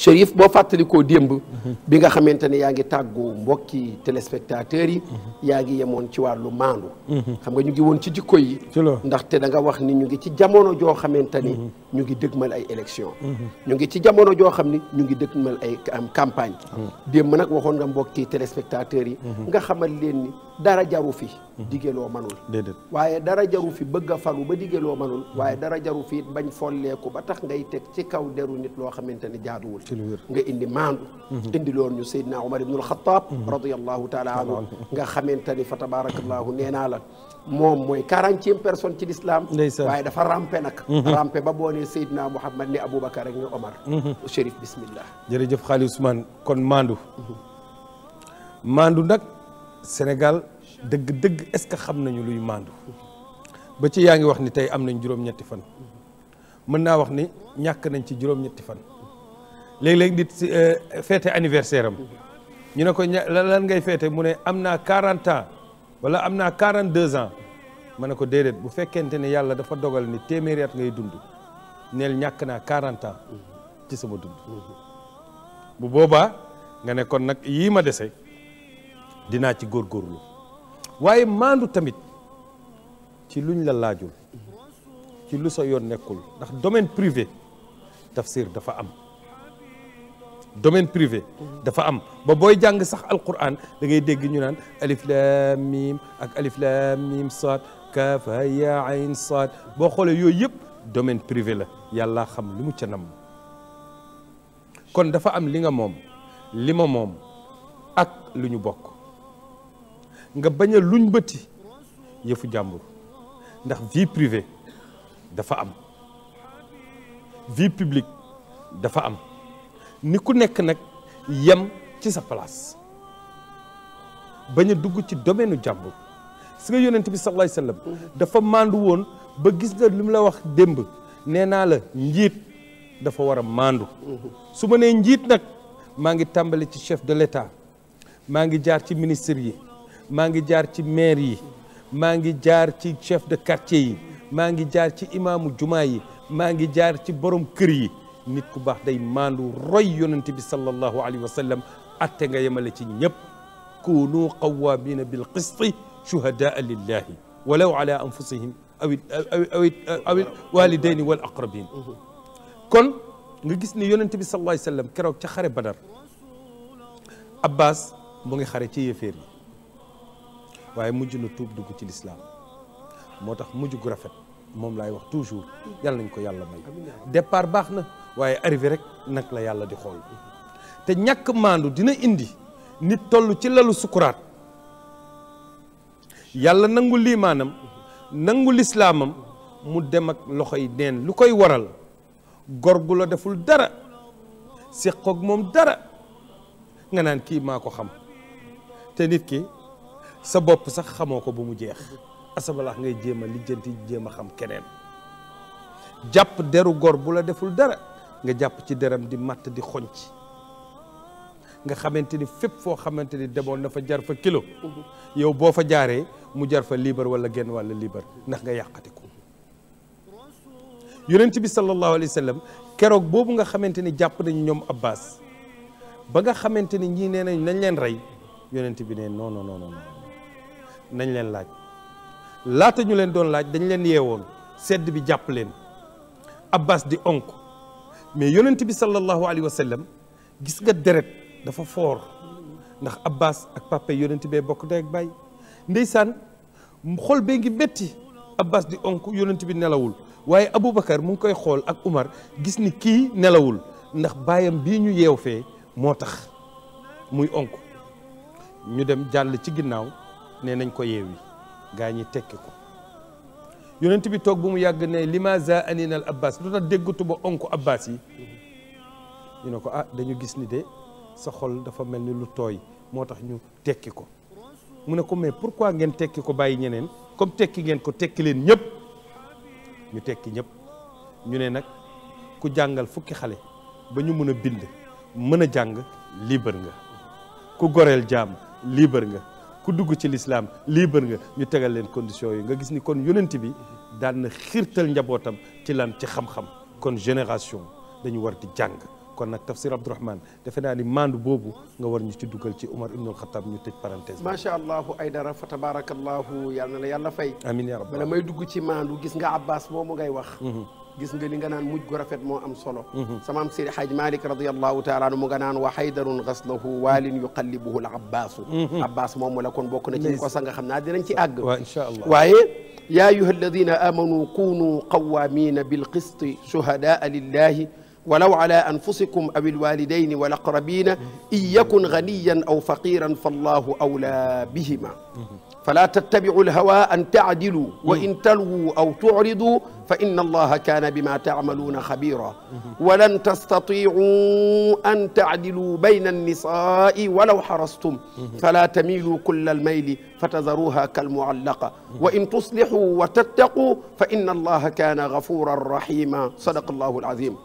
Chérif boo fàttalikoo démb bi nga xamante ne yaa ngi tàggoo mbokki téléspectateurs yi yaa ngi yemoon ci wàllu maandu mhm. xam nga ñu ngi woon ci jikko yi ndaxte da nga wax ni ñu ngi ci jamono joo xamante ni mhm. ñu ngi dëgmal ay élection mhm. ñu ngi ci jamono ni ñu ngi dëgmal ay am campagne mhm. démb nag waxoon nga mbokki téléspectateurs yi mhm. nga xamal leen ni dara jaru fi digeloo manul déedéet waaye dara jaru fi bëgg a falu ba digeloo manul waaye dara jaru fi bañ folleeku ba tax nga teg ci kaw deru nit loo xamante ne jaaduwul nga indi maandu indi loon ñu Seydina Omar ibnul Xataab radiallahu taala anhu nga xamante ni fa tabarakallahu nee naa la moom mooy quarantième personne ci l'islam waaye dafa rampe nag rampe ba boone ne Seydina Mouhamad abu Aboubacar ak ne Omar. Chérif mhm. bismillah. jërëjëf xaali Ousmane kon Maandu. Maandu mhm. nag Sénégal dëgg-dëgg est-ce que xam nañu luy Maandu. ba ci yaa ngi wax ni tey am nañ juróom-ñetti fan. mën naa wax ni ñàkk nañ ci juróom fan. léeg-léeg nit si euh, fête anniversaire am. Mhm. ñu ne ko lan ngay fête mu ne am naa 40 ans wala am naa 42 ans. ma ne ko déedéet bu fekkente ne yàlla dafa dogal ni téeméeri at ngay dund nel ñak na 40 ans ci sama dund bu boba nga ne kon nak yi ma déssé dina ci gor góorgóorlu waye mandu tamit ci luñ la lajul ci lu sa yon nekul ndax domaine privé tafsir dafa am domaine privé dafa am ba boy jàng sax alquran da ngay deg ñu nan alif lam mim ak alif lam mim sad kaaf ha ya ayn saad boo xoolee yooyu yëpp domaine privé la yàlla xam lu mu ca nam kon dafa am li nga moom li ma moom ak lu ñu bokk nga bañ a lu luñ bëti yëfu jàmbur ndax vie privée dafa am vie publique dafa am ni ku nekk nag yem ci sa palaas bañ a dugg ci domaine u jàmbur su nga yonent bi sallallahu dafa mandu woon ba gis nga li mu la wax démb nee naa la njiit dafa war a mandu su ma nee njiit nag maa ngi tàmbali ci chef de leta maa ngi jaar ci ministre yi maa ngi jaar ci maire yi maa ngi jaar ci chef de quartier yi maa ngi jaar ci imaamu jumaa yi maa ngi jaar ci borom kër yi nit ku baax day mandu roy yonent bi sallallahu alayhi wa atte nga yemale ci ñëpp kunu qawwaamina bil qisti شهداء لله ولو على أنفسهم أو أو أو الوالدين والأقربين kon nga gis ni yonent bi sallallahu alayhi wa sallam keroog ca xare Badar Abbas mu ngi xare ci yéeféer yi waaye mujj na tuub dugg ci lislaam moo tax mujj gu rafet moom laay wax toujours yàlla nañ ko yàlla may départ baax na waaye arrivé rek nag la yàlla di xool te ñàkk maandu dina indi nit toll ci lalu sukuraat yàlla nangu liimaanam nangu lislaamam mu dem ak loxo yi neen lu koy waral gor gu la deful dara séqoog moom dara nga naan kii maa ko xam te nit ki sa bopp sax xamoo ko bu mu jeex asabalaax ngay jéem a lijjanti jéem a xam keneen jàpp deru gor bu la deful dara nga jàpp ci deram di màtt di xonc nga xamante ni fépp foo xamante ni demoon na fa jar fa kilo yow boo fa jaaree mu jar fa liibar wala genn walla liibar ndax nga yàqati ko yonent bi sallallahu alayhi wa keroog boobu nga xamante ni jàpp nañ ñoom Abbas ba nga xamante ni ñii nee nañ nañ leen rey yonent bi ne non non leen laaj laata ñu leen doon laaj dañ leen yeewoon sedd bi jàpp leen Abbas di onk mais yonent bi sallallahu alayhi wa sallam gis nga deret dafa foor ndax Abbas ak papa yonent bee bokk ndey ak baay ndeysaan xol bee ngi métti Abbas di onk yonent bi nelawul waaye Aboubacar mu ngi koy xool ak Umar gis ni kii nelawul ndax baayam bii ñu yeew fee moo tax muy onk ñu dem jàll ci ginnaaw nee nañ ko yeewi gaa ñi tekki ko yonent bi toog bu mu yàgg ne lima za aninal Abbas lu tax déggatu ba onk Abbas yi ñu ne ko ah dañu gis ni de sa xol dafa mel ni lu tooy moo tax ñu tekki ko mu ne ko mais quoi ngeen tekki ko bàyyi ñeneen comme tekki ngeen ko tekki leen ñëpp ñu tekki ñëpp ñu ne nag ku jàngal fukki xale ba ñu mun a bind mën a jàng liibar nga ku goreel jàmm liibar nga ku dugg ci lislaam liibar nga ñu tegal leen condition yi nga gis ni kon yonent bi daan na xiirtal njabootam ci lan ci xam-xam kon génération dañu war di jàng كنا تفسير عبد الرحمن دفنا لي ماند بوبو nga war ñu ci duggal ci Umar ibnul khattab ñu tëj parenthèse. ma sha allah Aydara fa tabarak Allah yal na la yàlla fay. amin ya rabbal lamay dugg ci mandu gis nga Abbas moomu ngay wax. gis nga li nga nan mujj gu rafet mo am solo samam Seydi hajj Malik radiyallahu taala anhu mu nga nan wa haydarun gaslahu walin yuqallibuhu al-Abbas abbas moomu la kon bokk na ci ko sa nga xam dinañ ci ag wa insha allah waye yaa ayuha alladina amanu kunu qawamina bilqisti shuhadaa lillahi ولو على أنفسكم أو الوالدين والأقربين إن يكن غنيا أو فقيرا فالله أولى بهما فلا تتبعوا الهوى أن تعدلوا وإن تلووا أو تعرضوا فإن الله كان بما تعملون خبيرا ولن تستطيعوا أن تعدلوا بين النساء ولو حرصتم فلا تميلوا كل الميل فتذروها كالمعلقة وإن تصلحوا وتتقوا فإن الله كان غفورا رحيما صدق الله العظيم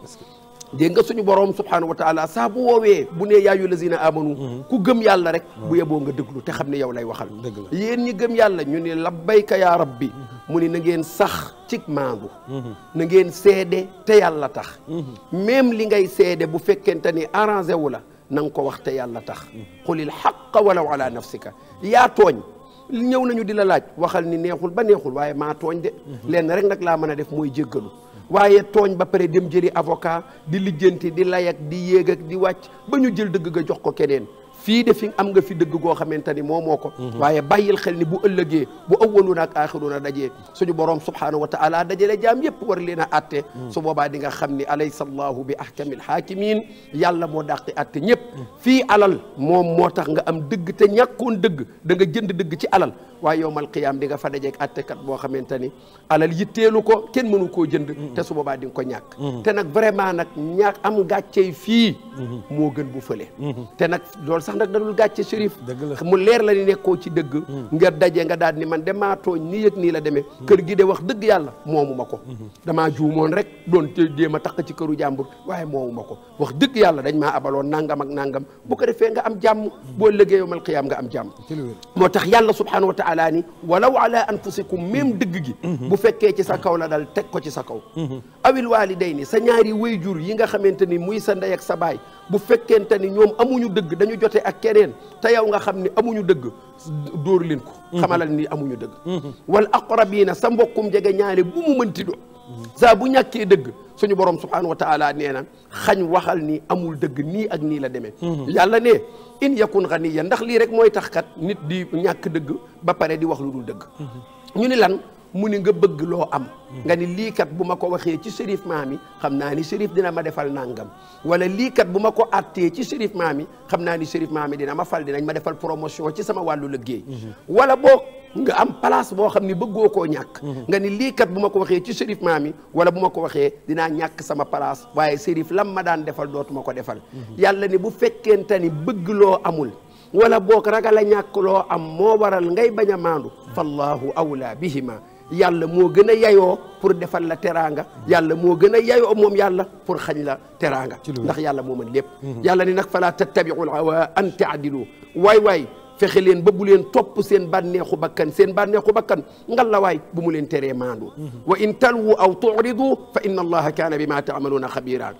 dégg suñu borom subhanahu wa taala saa bu woowee bu ne ya yul lazina amanu ku gëm yàlla rek bu yebo nga déglu te xamne yow lay waxal yéen ñi gëm yàlla ñu ne labbayka ya rabbi mu ni na ngeen sax ci mangu na ngeen seede te yàlla tax même li ngay seede bu fekenteni ni arrangé wu la nang ko wax te yàlla tax qulil xaqa walaw ala nafsika ya togn ñëw nañu di la laaj waxal ni neexul ba neexul waye ma togn de len rek nak la mëna def moy jéggalu waye togn ba paré dem jëri avocat di lijeenti di layak di yégg ak di wacc bañu jël deug ga jox ko keneen fii de am nga fi dëgg goo xamante ni moo moo ko mhm. waaye bàyyil xel ni bu ëllëgee bu awwaluuna ak na dajee suñu borom subhaanahu wa taala dajale jaam yépp war leen a atte mhm. su boobaa di nga xam ni alaysa allahu bi ahkamil haakimiin yàlla moo dàqi atte ñëpp mhm. fii alal moom moo tax nga am dëgg te ñàkkoon dëgg da nga jënd dëgg ci alal waaye yowmal qiyaam di nga fa dajeeg attekat boo xamante ni alal yitteelu ko kenn mënu koo jënd te su boobaa di nga ko ñàkk te nag vraiment nag ñàkk am gàccey fii moo gën bu fële te nag loolu sax nag dadul gàcce Chérif mu leer la ni nekkoo ci dëgg hmm. nga daje nga daal ni man damaa tooñ ni yëg nii la demee hmm. kër gi de wax dëgg yàlla moomu ma ko hmm. damaa juumoon rek doon te jéem a taq ci këru jàmbur waaye moomu ma ko wax dëgg yàlla dañ maa abaloon nangam ak nangam bu ko defee nga am jàmm boo liggéey yawmal qiyaam nga am jàmm moo tax yàlla subhaanahu wa taala ni walaw ala anfusikum même dëgg gi bu fekkee ci sa kaw la daal teg ko ci sa kaw awil waalidayni sa ñaari wayjur yi nga xamante ni muy sa ndey ak sa baay bu fekkente ni ñoom ak keneen te yow nga xam ni amuñu dëgg dóor leen ko mhm. xamalal ni amuñu dëgg mhm. wal aqrabiina sa mbokkum jege ñaale bu mu mënti do mhm. saabu bu dëgg suñu borom subhaanahu wa taala nee na xañ waxal ni amul dëgg nii ak nii la demee yàlla ne in yakun ganiya ndax lii rek mooy tax kat nit di ñàkk dëgg ba pare di wax lu dul dëgg ñu ni lan muni nga bëgg lo am nga ni li kat buma ko waxé ci sérif maami xamna ni sérif dina ma defal nangam wala li kat buma ko atté ci sérif maami xamna ni sérif maami dina ma fal dinañ ma defal promotion ci sama walu liggéey wala bok nga am place bo xamni ni bëggoo koo nga ni li kat buma ko waxé ci sérif maami wala buma ko waxé dina ñak sama place waye sérif lam ma daan defal dootuma ko defal yàlla ni bu fekkente ni bëgg lo amul wala bok ragala ñak lo am mo waral ngay baña mandu fallahu awla bihima yàlla mo gëna yayo pour defal la teranga yàlla mo gëna yayo mom yàlla pour xagn la teranga ndax yàlla mo man lépp yàlla ni nag falaa tattabiul hawa an ta'dilu way way fexe leen ba bu len top sen banexu bakkan sen banexu bakkan ngal la way bu mu len téré mandu wa in talwu aw tu'ridu fa inna allaha kana bima ta'maluna khabira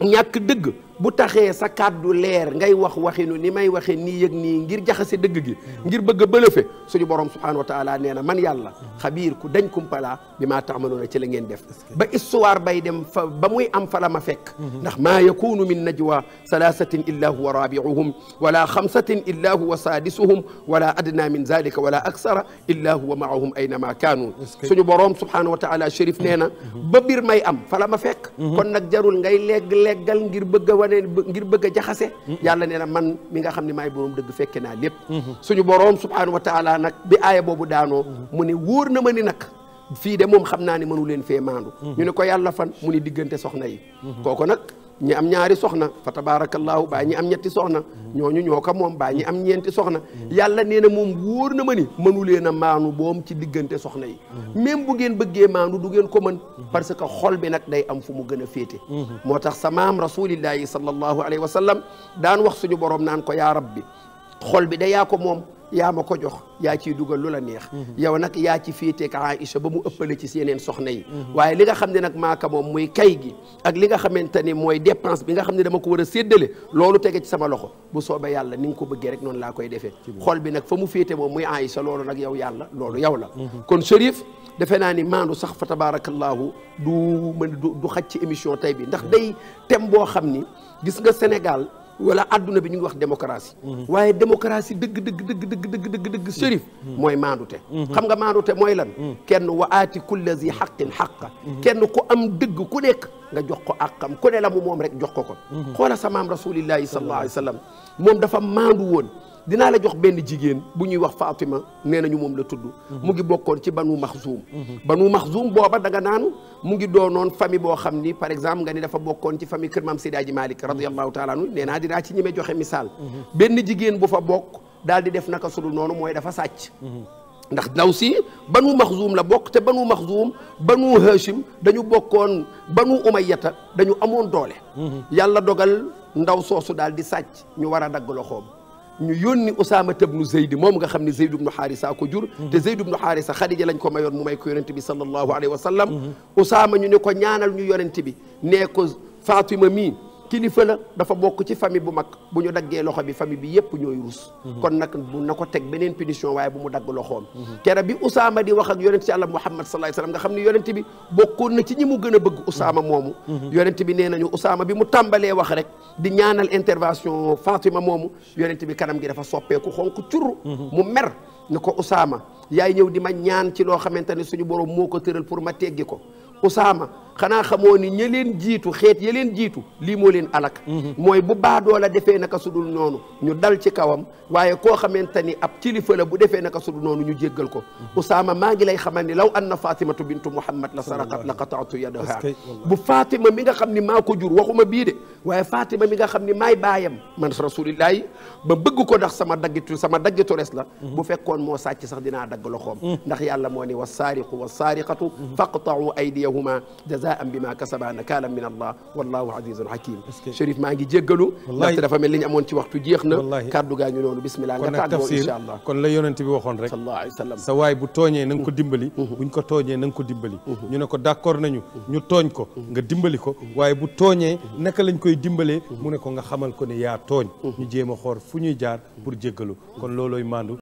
ñak deug bu taxé sa kàddu leer ngay wax waxinu ni may waxe ni yek ni ngir jaxase deug gi ngir bëgg a bëlëfe suñu borom subhanahu wa taala néna man yàlla khabir ku dañ kum pala bima ta'maluna ci la ngeen def ba histoire bay dem ba muy am fa la ma fekk ndax ma yakunu min najwa salasatin illa huwa rabi'uhum wala khamsatin illa huwa sadisuhum wala adna min zalika wala aksara illa huwa maahum aynama kanu suñu borom subhanahu wa taala shérif néna ba bir may am fa la ma fekk kon nak jarul ngay leg legg seggal ngir bëgg a ngir bëgg a jaxase yàlla nee na man mi nga xam ne maay boroom dëgg fekke naa lépp mhm. suñu boroom subhaanahu wa taala nag bi aaya boobu daanoo mhm. mu ne wóor na ma ni nag fii de moom xam naa ni mënu leen fee maandu mhm. ñu ne ko yàlla fan mu ne diggante soxna yi kooku nag ñi am ñaari soxna fa tabaarakallaahu baa ñi am ñetti soxna ñooñu ñoo ko moom baa ñi am ñeenti soxna yàlla nee na moom wóor na ma ni mënu leen a maanu boom ci diggante soxna yi même bu ngeen bëggee maanu du ngeen ko mën parce que xol bi nag am fu mu gën a féete moo tax sa maam rasulillahi sallallahu alayhi wa sallam daan wax suñu borom naan ko yaa rabbi xol bi da yaa ko moom yaa ma ko jox yaa ciy dugal lu la neex yow nag yaa ci féeteeg Aïcha ba mu ëppale ci seeneen soxna yi waaye li nga xam ne nag maaka moom muy kay gi ak li nga xamante ni mooy dépense bi nga xam ne dama ko war a séddale loolu tege ci sama loxo bu soobee yàlla ni nga ko bëggee rek noonu laa koy defee xol bi nag fa mu féete moom muy Aïcha loolu nag yow yàlla loolu yow la kon Chérif defe naa ni maandu sax fa tabarakallahu du mën du xaj ci émission tey bi ndax day thème boo xam ni gis nga Sénégal wala adduna bi ñu ngi wax démocratie. waaye démocratie dëgg dëgg dëgg dëgg dëgg dëgg dëgg sërif mooy maandute xam nga maandute mooy lan kenn wa aati kulla zi xaqin xaqa kenn ku am dëgg ku nekk nga jox ko àqam ku ne la mu moom rek jox ko ko mm-hmm. xoola sa maam rasulillahi sallallahu alayhi wa sallam moom dafa maandu woon dinaa la jox benn jigéen bu ñuy wax Fatima nee nañu moom la tudd mhm. mu ngi bokkoon ci banu maxzuum mhm. banu maxzuum booba da naan mu ngi doonoon famille boo xam ni par exemple nga ni dafa bokkoon ci famille kër maam Seydi Hadji Malick radiyallahu taala anhu nee naa dinaa ci ñemee joxe misaal mhm. benn jigéen bu fa bokk daal di def naka sudul noonu mooy dafa sàcc ndax ndaw si banu maxzuum la bokk te banu maxzuum banu hashim dañu bokkoon banu umayyata dañu amoon doole yàlla dogal ndaw soosu daal di sàcc ñu war a dagg loxoom ñu yónni Usaama tabnu Zeyd moom nga xam ne Zeyd ibnu Xaarisa ko jur te Zeyd ibnu Xaarisa Xadija lañ ko mayoon mu may ko yonent bi sallallahu alayhi wa sallam ñu ne ko ñaanal ñu yonent bi nee ko Fatima mii kilifa la dafa bokk ci famille bu mag bu ñu daggee loxo bi famille bi yépp ñooy rus mhm. kon nag bu na ko teg beneen pétition waaye bu mu dagg loxoom mhm. kere bi Usaama di wax ak yonent ci Àlla Muhammad sallallahu alayhi wasallam nga xam ne yonent bi bokkoon na ci ñi mu gën a bëgg Usaama mhm. moomu yonent bi nee nañu usama bi mu tàmbalee wax rek di ñaanal intervention Fatima moomu yonent bi kanam gi dafa soppeeku xonk cur mu mer ni ko Usaama yaay ñëw di ma ñaan ci loo xamante ne suñu borom moo ko tëral pour ma teggi ko Usaama xanaa xamoo ni ña leen jiitu xeet ya jiitu lii moo leen alak mhm. mooy bu baadoo la defee naka sudul noonu ñu dal ci kawam waaye koo xamante ni ab kilifa la bu defee naka sudul noonu ñu jéggal ko mhm. usaama maa ngi lay xamal ni law anna fatimatu bintu muhammad la saraqat la qataatu yadaha bu fatima mi nga xam ni maa ko jur waxuma bii de waaye fatima mi nga xam ni maay baayam man rasulillahi ba bëgg ko ndax sama daggitu sama daggitu res la mhm. bu fekkoon moo sàcc sax dinaa dagg loxoom ndax yàlla moo ni wasaariqu wasaariqatu faqtau aydiyahuma جزاء بما كسب نكالا من الله والله عزيز حكيم شريف ما نجي جيغلو لا تدفع من لين امون تي وقتو جيخنا كادو غاني نون بسم الله نتاغو ان شاء الله كون لا يونت بي وخون رك صلى الله عليه وسلم سواي بو توغي نانكو ديمبالي بو نكو توغي نانكو ديمبالي ني نكو داكور نانيو ني توغ كو غا ديمبالي كو واي بو توغي نكا لا نكوي ديمبالي مو نكو غا خامل كو ني يا توغ ني جيما خور فو جار بور جيغلو كون لولوي ماندو